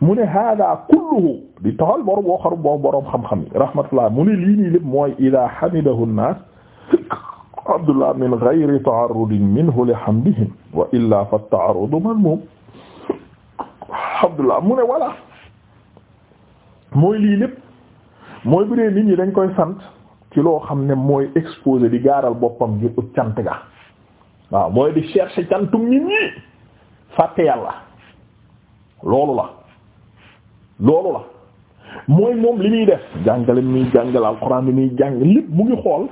mu ne hada kulluhu di taxal borom boo xaru boo borom xam-xam yi rahmatullah mu ne lii nii lépp mooy ida hamidahu an-nas abdullah min ghayri ta'arrudin li hamdihim wa mu ne lii lépp mooy bu dee nit ñi dañ koy sant ci loo xam ne mooy exposé di gaaral boppam ngir ut cant ga waaw mooy di chercher cantum nit ñi fàtte yàlla loolu la loolu la mooy moom li muy def jàngale mi muy jàngal alxuraan bi muy jàng lépp mu ngi xool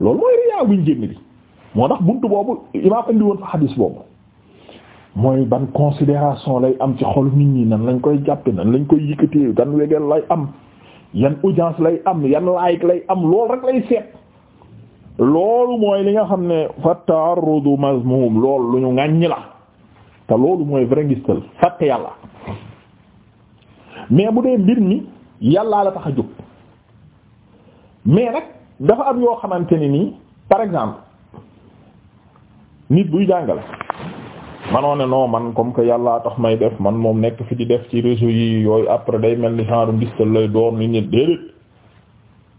loolu mooy riyaa buñ génn bi moo tax bunt boobu imaam indi woon fa xadiis boobu mooy ban considération lay am ci xolu nit ñi nan lañ koy jàppe nan lañ koy yëkkatee gan wegeel lay am yan audience lay am yan like lay am loolu rek lay seet loolu mooy li nga xam ne fa taarrudu mazmum loolu lu ñu ŋàññ la te loolu mooy vrai ngistal fàtte yàlla mais bu dee mbir mi yàllaa la tax a jóg mais nag dafa am yoo xamante ne nii par exemple nit buy jàngale manoo ne man comme que yàllaa tax may def man moom nekk fi def ci réseau yi yooyu après day mel ni genre ngistal lay doon nit ñi déedéet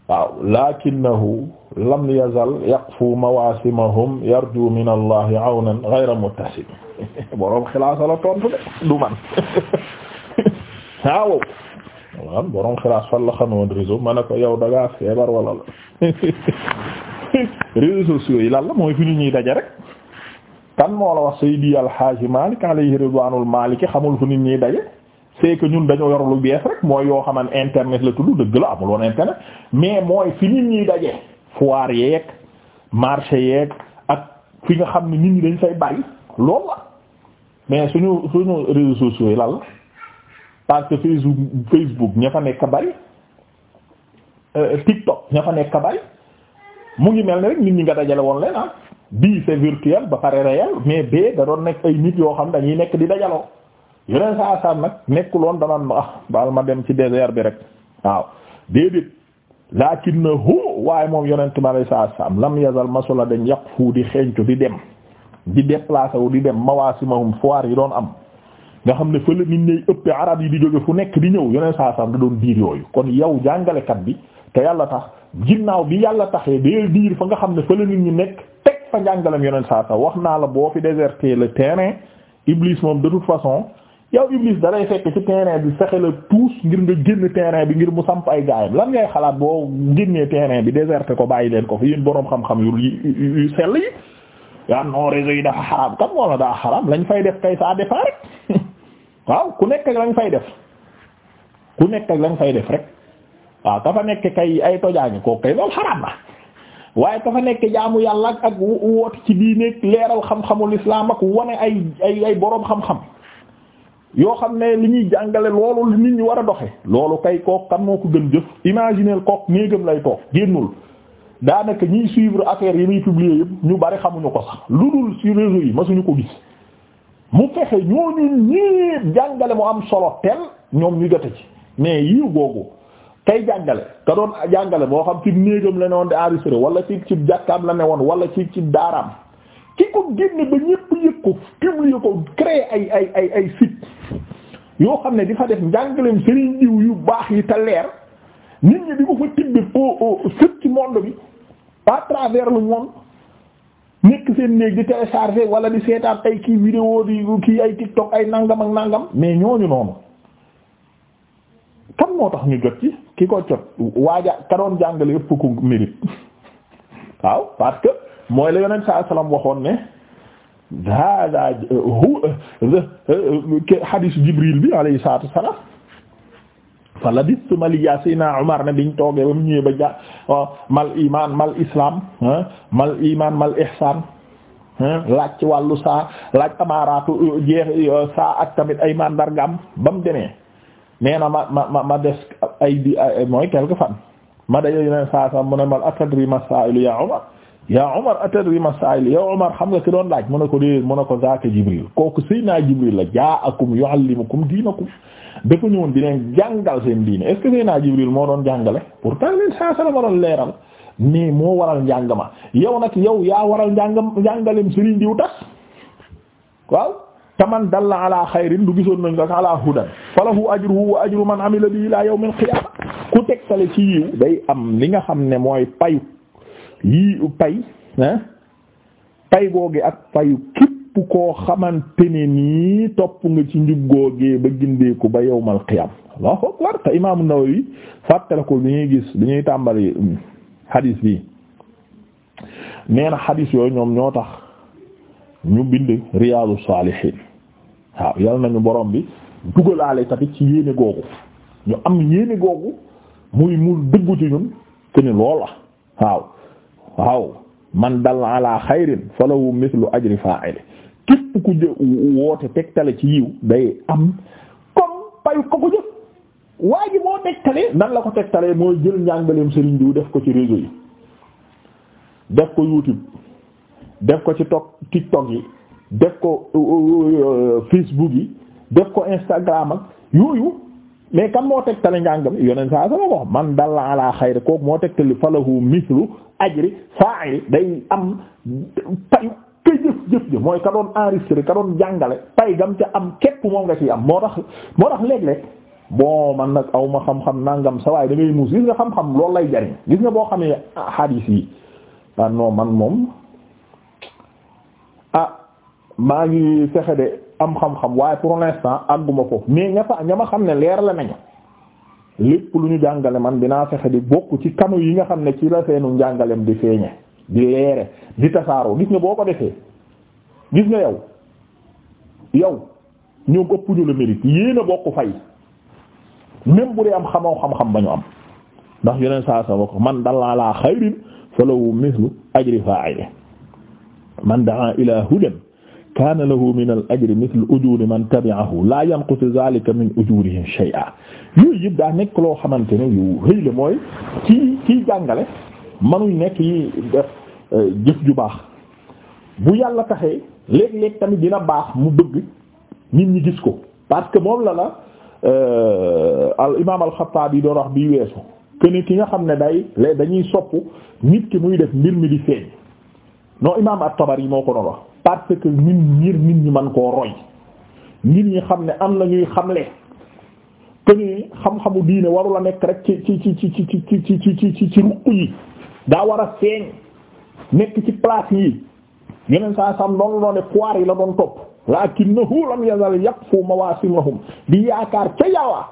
waaw lakinnahu lam yazal yaqfu mawasimahum yarju min allahi awnan ghayra muttasim *laughs* boroom xilaasa la tontu de du man *laughs* waaw waaw boroom xilaas fan la xamoon réseau ma ko yow da feebar wala la *laughs* réseaux sociaux yi la mooy fi nit ñi rek kan moo la wax Seydi Alxaaji Malik alayhi ridwanul maliki xamul fu nit ñi daje c'est que ñun dañoo yor lu bees rek mooy yoo xaman internet la tudd dëgg la amul woon internet mais mooy fi nit ñi daje foire yeeg marché yeeg ak fi nga xam ni nit ñi dañ fay bari loolu la mais suñu suñu réseaux sociaux yi lal parce que Facebook Facebook ña fa nekk bari euh, TikTok ña fa nekk bari mu ngi mel ne rek nit ñi nga dajale woon leen ah bii c'est virtuel ba pare réel mais bee da doon nekk ay nit yoo xam dañuy nekk di dajaloo yeneen saa saa nag nekkuloon danaan ma ah, baal ma dem ci désert bi rek waaw na lakinnahu waaye moom yonent ma lay saa saam lam ma masula dañ yàq fu di xencu di dem di déplacé wu di dem mawaasimahum foire yi doon am nga xam ne fële nit ñuy ëppee arab yi di jóge fu nekk di ñëw yoneen saa saam da doon diir yooyu kon yow jàngalekat bi te yàlla nga xam ne fële nit ñi topp njàngalem yonent saa sa wax naa la boo fi déserté le terrain Iblis moom de toute façon yow Iblis da lay fekk ci terrain bi fexe la tous ngir nga génn terrain bi ngir mu samp ay gaayam lan ngay xalaat boo génnee terrain bi déserté ko bàyyi leen ko fi yéen boroom xam-xam yu sell yi yaa non réseau yi dafa xaraam kam wala daa xaraam lañ fay def kay ça dépend rek *laughs* waaw ku nekk ak lañ fay def ku nekk lañ fay def rek waaw dafa nekk kay ay tojaange kooku kay waaye ka fa nekk jaamu yàlla ak ak woote ci diine leeral xam-xamul lislaam ak wane ay ay ay boroom xam-xam yoo xam ne li ñuy jàngale loolu nit ñi war a doxe loolu kay kook kan moo ko gën jëf imaginer kook néegam lay toog génnul daanaka ñiy suivre affaire yi muy publier yëpp ñu bari xamuñu ko sax lu dul ci réseau yi masuñu ko gis mu fexe ñooñu ñii jàngale mu am solo tel ñoom ñu jote ci mais yiw googu kay jàngale ka doon jàngale moo xam ci néegam la ne woon di enregistré wala ci ci jàkkaam la ne woon wala ci ci daaraam ki ko génne ba ñépp yëg ko publier ko créer ay ay ay ay site yoo xam ne di fa def njàngaleem sëriñ diw yu baax yi te leer nit ñi di ko fa tibbi au sët ci monde bi à travers le monde nekk seen néeg di télécharger wala di seetaan ay kii vidéo di kii ay TikTok ay nangam ak nangam mais ñooñu noonu kan moo tax ñu jot ci ki ko jot waaja ka doon jàngale ëpp ku *laughs* waaw parce que mooy la yonent saa salaam waxoon ne hada Jibril bi alayhi salaatu wassalaam fa labistu maliya sayna Umar ne biñ toogee ba mu ñëwee ba ja mal iman mal islam mal iman mal ihsan laaj ci wàllu saa laaj amaaraatu jeex saa ak tamit ay mandargam ba mu demee nee na ma ma ma ma des ay di mooy quelque fan ma daje yeneen saa saa mu ne ma atadri masaa'ilu yaa Umar yaa Umar atadri masaa'ilu yaa Umar xam nga ki doon laaj mu a ko dee mu ne ko zaaka Jibril kooku Seydina Jibril la jaa'akum yu'allimukum diinakum dafa ko di leen jàngal seen diine est ce que Seydina Jibril moo doon jàngale pourtant leen saa saa ma doon leeral mais moo waral njàngama yow nag yow yaa waral njàngam njàngalem Serigne diw tas waaw. taman dalla ala xayrin du gisoon nañ ko ala hudan falahu ajruhu wa ajru man amila bi ila yawm al qiyama ku tegtale ci yiw day am li nga xam ne mooy payu yi pay ah pay googe ak payu képp koo xamante ne nii topp nga ci njub googee ba gindeeku ba yawm al qiyam allahu akbar te imam an-Nawawi fàttale ko bi ñuy gis bi ñuy tàmbali hmm, hadis bi nee na yooyu ñoom ñoo tax ñu bind riyaadu saalihiin waaw yal nañu borom bi dugalaale tamit ci yéene googu ñu am yéene googu muy mu dëggu ci ñun te ni lool la waaw waaw man dal ala xayrin falahu mithlu ajri fa'ili képp ku jë woote tegtale ci yiw day am comme payu ko ko jëf waa ji moo nan la ko tegtalee mooy jël njàngaleem Serigne Diouf def ko ci réseau yi def ko YouTube def ko ci tok tiktok yi def ko euh, euh, euh, facebook yi def ko instagram ak yooyu mais kan moo tegtale njàngam yoneen saa sama wax man dalla ala xayri kooku moo tegtali falahu mislu ajri fa'ili day am payu ka jëf jëf jëf mooy ka doon enregistré ka doon jàngale pay gam ca am képp moom nga ci am moo tax moo tax léeg-léeg bon man nag aw ma xam-xam nangam sa waay da ngay muus gis nga xam-xam loolu lay jariñ gis nga boo xamee hadis yi ah man moom ah maa ngi fexe de am xam-xam waaye pour l'instant àgguma foofu mais ña fa ña ma xam ne leer la nañu lépp lu ñu jàngale man dinaa fexe di bokk ci kanu yi nga xam ne ci la seenu njàngalem di feeñe di leere di tasaaroo gis nga boo ko defee gis nga yow yow ñoo ëpp ñu la mérite yéen bokk fay même bu dee am xamoo xam-xam ba ñu am ndax yeneen saa sa ko man dallaa laa xayrin falahu mislu ajri fa'ili man daa ila hudan kaana lahu min al ajri mithlu ujuri man tabi'ahu la yanqusu zalika min ujurihim shay'a yooyu yëpp daa nekk loo xamante ne yu rëy la mooy kii kii jàngale manuñ nekk yi def euh, jëf ju baax bu yàlla taxee léeg-léeg tamit dina baax mu bëgg nit ñi gis ko parce que moom la la euh, al imaam al-Xattaabi doon wax bii weesu que ni ki nga xam ne day dañuy sopp nit ki muy def mbir mi di feeñ. non imaam at yi moo ko doon wax parce que nit ngir ñi man koo roy ngir ñi xam ne am na ñuy xamle que ni xam-xamu diine warula nekk rek ci ci ci ci ci ci ci ci ci ruq yi daa war a feeñ nekk ci place yi yeneen saa sam noonu la doon ne poires yi la doon topp lakinnahu lam yazal yaqfu mawasimahum di yaakaar ca yawaa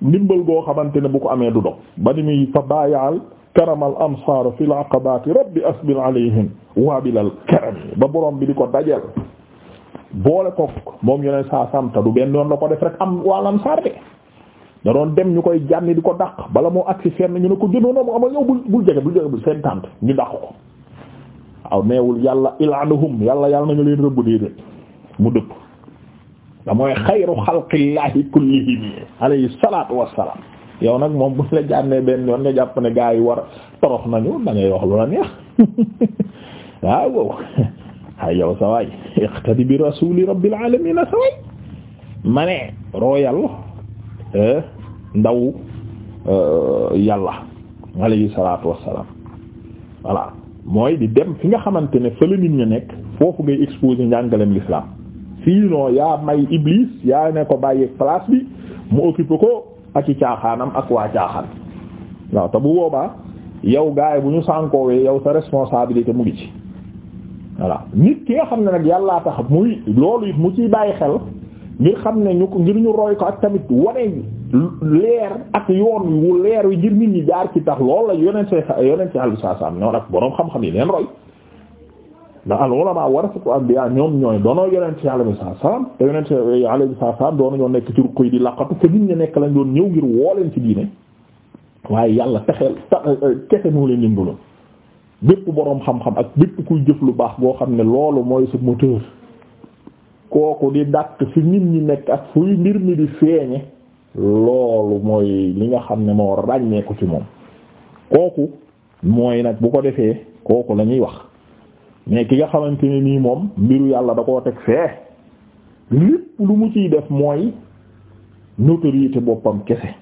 ndimbal goo xamante ne bu ko amee du dog ba ni muy fa bàyyaal karamal amsaar fil aqabaati rabbi asbil alayhim waabilal karami ba borom bi di ko dajeel boole ko moom yeneen saa samta du benn yoon la ko def rek am waa lamsaar de da doon dem ñu koy jànni di ko dàq bala moo agsi fenn ñu ne ko jëndoon na mu amal yow bul bul jege bul jege bul seen tànt ñu dàq ko waaw neewul yàlla ilaanahum yàlla yàlla nañu leen rëbb dee de mu dëpp da mooy xayru xalqillaahi kullihim alayhi salaatu wassalaam yow nag moom bu la jànnee benn yoon nga jàpp ne gaa yi war torox nañu da ngay wax lu la neex *laughs* waaw wow *laughs* ay yow sa waay iqtadi bi rasuli rabbil alamin a sa ma ne rooyal eh, ndaw eh, yàlla alayhi salatu wassalam voilà mooy di dem fi nga xamante ne fële nit nekk foofu ngay exposer njàngaleem l'islam sinon yaa may iblis yaa ne ko bàyyeeg place bi mu occupé ko ak i caaxaanam ak waa caaxaan waaw te bu boobaa yow gaay bu ñu sànkoowee yow sa responsabilité mu ngi ci voilà nit ki nga xam ne nag yàllaa tax muy loolu it mu ciy bàyyi xel ngir xam ne ñu ko ngir ñu roy ko ak tamit wane leer ak yoon wu leer wi ngir nit ñi jaar ci tax loolu la yonent see yonent see xel bi saa saa am noonu ak boroom xam-xam yi leen roy ndax al ulama warasatu anbiya ñoom ñooy doonoo yonent yàlla bi saa salaam te yonent yàlla bi saa salaam doonu ñoo nekk ci ruq yi di laqatu te nit ñi nekk lañ doon ñëw ngir woo leen ci diine waaye yàlla texeel kese moo leen dimbaloon bépp boroom xam-xam ak bépp kuy jëf lu baax boo xam ne loolu mooy sa moteur kooku di dàq fi nit ñi nekk ak fuy mbir mi di feeñe loolu mooy li nga xam ne moo ràññeeku ci moom kooku mooy nag bu ko defee kooku la wax mais ki nga xamante ne nii moom mbiru yàlla da koo teg fee lépp lu mu ciy def mooy notoriété boppam kese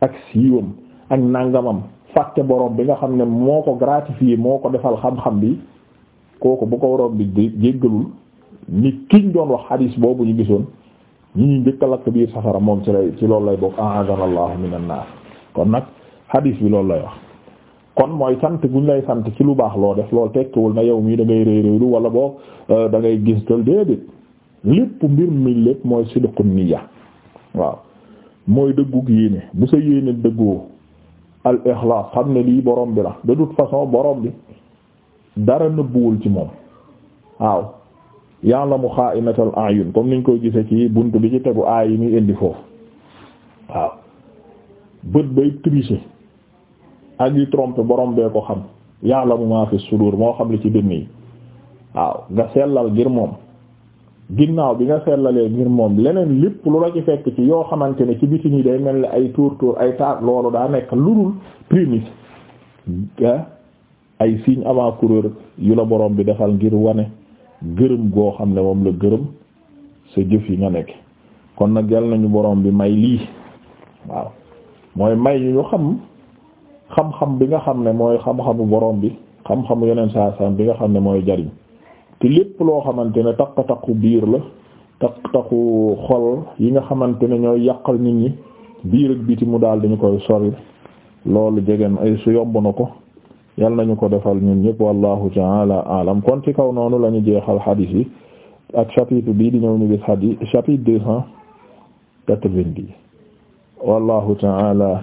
ak siiwam ak nangamam fàtte borom bi nga xam ne moo ko gratifié moo ko defal xam-xam bi kooku bu ko waroon bi jéggalul ni kiñ doon wax hadis boobu ñu gisoon ñu ñuy njëkk lakk biir safara moom ci lay ci loolu lay bokk a'adana allahu minan naar kon nag hadis bi loolu lay wax kon mooy sant guñ lay sant ci lu baax loo def loolu tekkiwul na yow mii da ngay réy walla wala boo euh, da ngay gis tal déedéet lépp mbir mi lépp mooy sidqun niyya waaw mooy dëggug yéene bu sa yéene dëggoo al ixlaas xam ne lii boroom bi la de toute façon borom bi dara nëbbuwul ci moom waaw la mu ya'lamu xaa'inatal a'yun comme niñ koy gise ci bunt bi ci tegu aay yi muy indi foofu waaw bët bay tricher ak yi trompe borom bee ko xam ya'lamu ma fi surur moo xam li ci dënn yi waaw nga sellal ngir moom ginnaaw bi nga sellalee ngir moom leneen lépp lu la ci fekk ci yoo xamante ne ci biti nii day mel ni ay tuur tuur ay taat loolu daa nekk lu dul prémisse ay signe avant coureur yu la borom bi defal ngir wane gërëm goo xam ne moom la gërëm sa jëf yi nga nekk kon nag yal nañu boroom bi may lii waaw mooy may ñu xam xam-xam bi nga xam ne mooy xam-xamu borom bi xam-xamu yeneen saa bi nga xam ne mooy jariñ te lépp loo xamante ne takk-takku biir la takk-takku xol yi nga xamante ne ñooy yàqal nit ñi biir ak biti mu daal dañu koy sori loolu jegeen ay su yomb na ko yal nañu ko defal ñun ñëpp wallahu ta'ala alam kon ci kaw noonu la ñu jeexal xadiis yi ak chapitre bii di ñëw ñu gis xadiis chapitre deux cent quatre-vingt-dix wallahu ta'ala